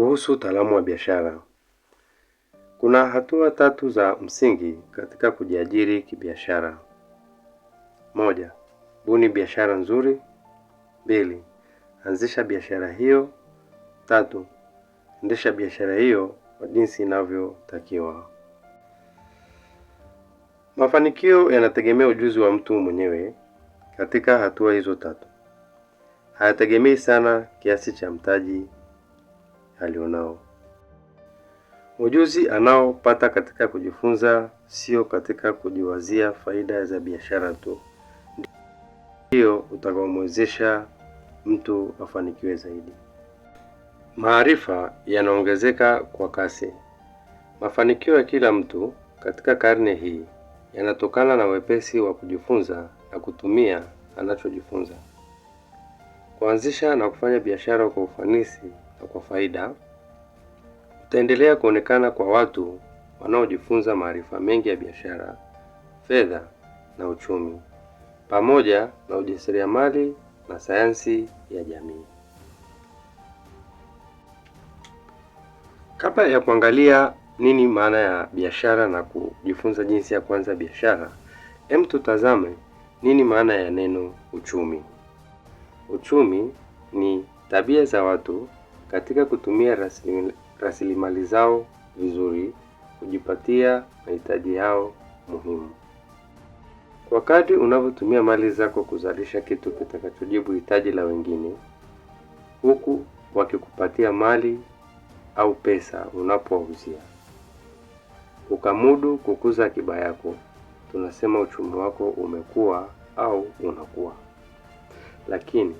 Kuhusu utaalamu wa biashara, kuna hatua tatu za msingi katika kujiajiri kibiashara. Moja, buni biashara nzuri. Mbili, anzisha biashara hiyo. Tatu, endesha biashara hiyo kwa jinsi inavyotakiwa. Mafanikio yanategemea ujuzi wa mtu mwenyewe katika hatua hizo tatu, hayategemei sana kiasi cha mtaji alionao. Ujuzi anaopata katika kujifunza, sio katika kujiwazia faida za biashara tu, ndiyo utakaomwezesha mtu afanikiwe zaidi. Maarifa yanaongezeka kwa kasi. Mafanikio ya kila mtu katika karne hii yanatokana na wepesi wa kujifunza na kutumia anachojifunza. Kuanzisha na kufanya biashara kwa ufanisi na kwa faida, utaendelea kuonekana kwa watu wanaojifunza maarifa mengi ya biashara, fedha na uchumi, pamoja na ujasiriamali na sayansi ya jamii. Kabla ya kuangalia nini maana ya biashara na kujifunza jinsi ya kuanza biashara, hem, tutazame nini maana ya neno uchumi. Uchumi ni tabia za watu katika kutumia rasilimali zao vizuri kujipatia mahitaji yao muhimu. Wakati unavyotumia mali zako kuzalisha kitu kitakachojibu hitaji la wengine, huku wakikupatia mali au pesa unapowauzia, ukamudu kukuza akiba yako, tunasema uchumi wako umekuwa au unakuwa. Lakini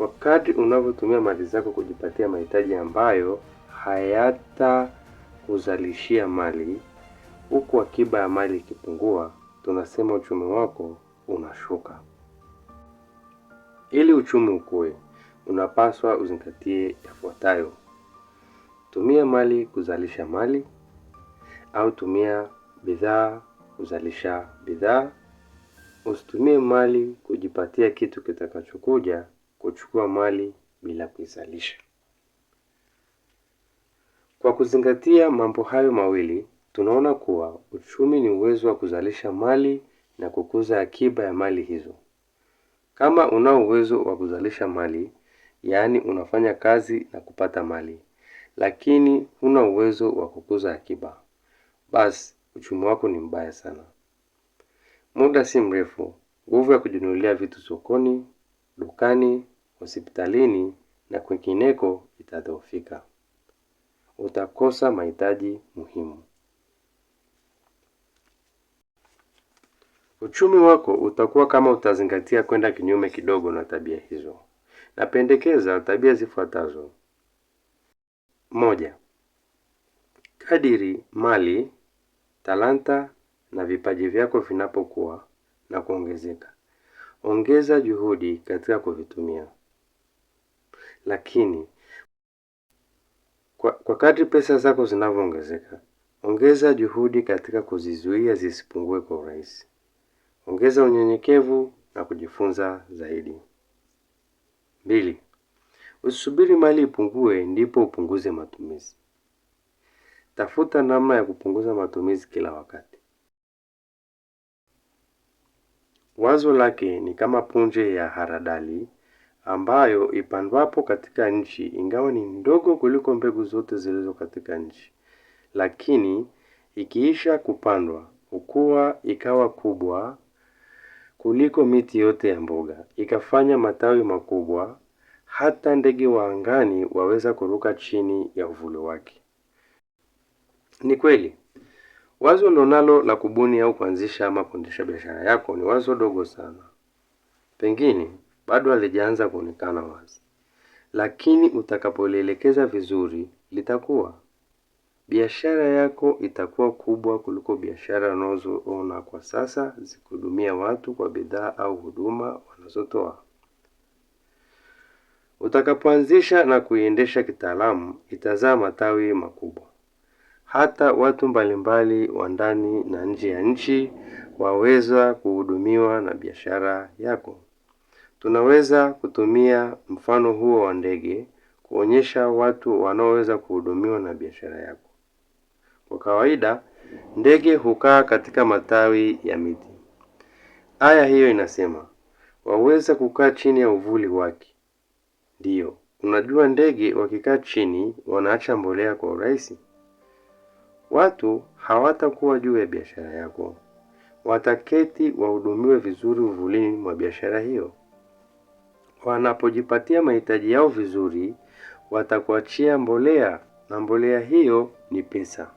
kwa kadri unavyotumia mali zako kujipatia mahitaji ambayo hayatakuzalishia mali, huku akiba ya mali ikipungua, tunasema uchumi wako unashuka. Ili uchumi ukue, unapaswa uzingatie yafuatayo: tumia mali kuzalisha mali, au tumia bidhaa kuzalisha bidhaa. Usitumie mali kujipatia kitu kitakachokuja kuchukua mali bila kuizalisha. Kwa kuzingatia mambo hayo mawili, tunaona kuwa uchumi ni uwezo wa kuzalisha mali na kukuza akiba ya mali hizo. Kama unao uwezo wa kuzalisha mali, yaani unafanya kazi na kupata mali, lakini huna uwezo wa kukuza akiba, basi uchumi wako ni mbaya sana. Muda si mrefu, nguvu ya kujinunulia vitu sokoni, dukani hospitalini na kwingineko itadhoofika, utakosa mahitaji muhimu. Uchumi wako utakuwa kama utazingatia kwenda kinyume kidogo na tabia hizo. Napendekeza tabia zifuatazo: moja, kadiri mali, talanta na vipaji vyako vinapokuwa na kuongezeka, ongeza juhudi katika kuvitumia lakini kwa, kwa kadri pesa zako zinavyoongezeka, ongeza juhudi katika kuzizuia zisipungue kwa urahisi. Ongeza unyenyekevu na kujifunza zaidi. Mbili, usubiri mali ipungue ndipo upunguze matumizi. Tafuta namna ya kupunguza matumizi kila wakati. Wazo lake ni kama punje ya haradali ambayo ipandwapo katika nchi ingawa ni ndogo kuliko mbegu zote zilizo katika nchi, lakini ikiisha kupandwa hukua ikawa kubwa kuliko miti yote ya mboga, ikafanya matawi makubwa, hata ndege wa angani waweza kuruka chini ya uvuli wake. Ni kweli wazo ulionalo la kubuni au kuanzisha ama kuendesha biashara yako ni wazo dogo sana, pengine bado halijaanza kuonekana wazi, lakini utakapolielekeza vizuri litakuwa. Biashara yako itakuwa kubwa kuliko biashara unazoona kwa sasa, zikihudumia watu kwa bidhaa au huduma wanazotoa. Utakapoanzisha na kuiendesha kitaalamu, itazaa matawi makubwa, hata watu mbalimbali wa ndani na nje ya nchi waweza kuhudumiwa na biashara yako. Tunaweza kutumia mfano huo wa ndege kuonyesha watu wanaoweza kuhudumiwa na biashara yako. Kwa kawaida ndege hukaa katika matawi ya miti. Aya hiyo inasema waweza kukaa chini ya uvuli wake. Ndiyo, unajua ndege wakikaa chini wanaacha mbolea kwa urahisi. Watu hawatakuwa juu ya biashara yako, wataketi wahudumiwe vizuri uvulini mwa biashara hiyo. Wanapojipatia mahitaji yao vizuri, watakuachia mbolea na mbolea hiyo ni pesa.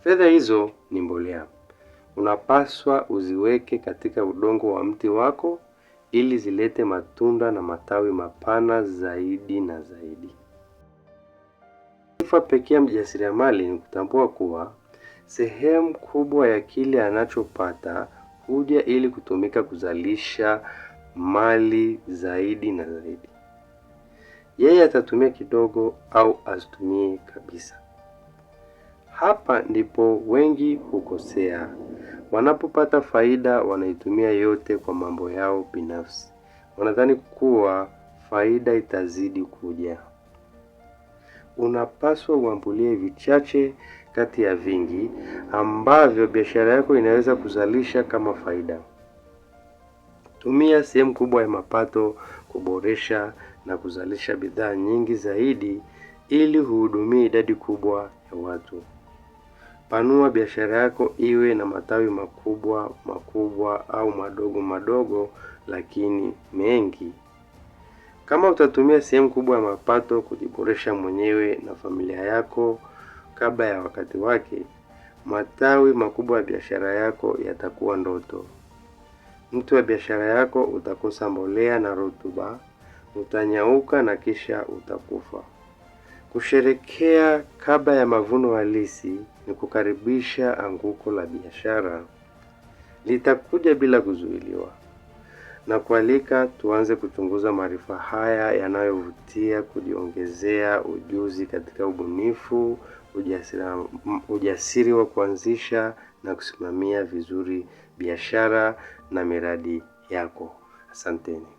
Fedha hizo ni mbolea. Unapaswa uziweke katika udongo wa mti wako ili zilete matunda na matawi mapana zaidi na zaidi. Sifa pekee ya mjasiriamali ni kutambua kuwa sehemu kubwa ya kile anachopata huja ili kutumika kuzalisha mali zaidi na zaidi. Yeye atatumia kidogo au asitumie kabisa. Hapa ndipo wengi hukosea. Wanapopata faida, wanaitumia yote kwa mambo yao binafsi. Wanadhani kuwa faida itazidi kuja. Unapaswa uambulie vichache kati ya vingi ambavyo biashara yako inaweza kuzalisha kama faida tumia sehemu kubwa ya mapato kuboresha na kuzalisha bidhaa nyingi zaidi ili uhudumie idadi kubwa ya watu. Panua biashara yako iwe na matawi makubwa makubwa au madogo madogo, lakini mengi. Kama utatumia sehemu kubwa ya mapato kujiboresha mwenyewe na familia yako kabla ya wakati wake, matawi makubwa ya biashara yako yatakuwa ndoto mtu wa biashara yako utakosa mbolea na rutuba, utanyauka na kisha utakufa. Kusherekea kabla ya mavuno halisi ni kukaribisha anguko la biashara, litakuja bila kuzuiliwa. Na kualika tuanze kuchunguza maarifa haya yanayovutia, kujiongezea ujuzi katika ubunifu, ujasiri, ujasiri wa kuanzisha na kusimamia vizuri biashara na miradi yako. Asanteni.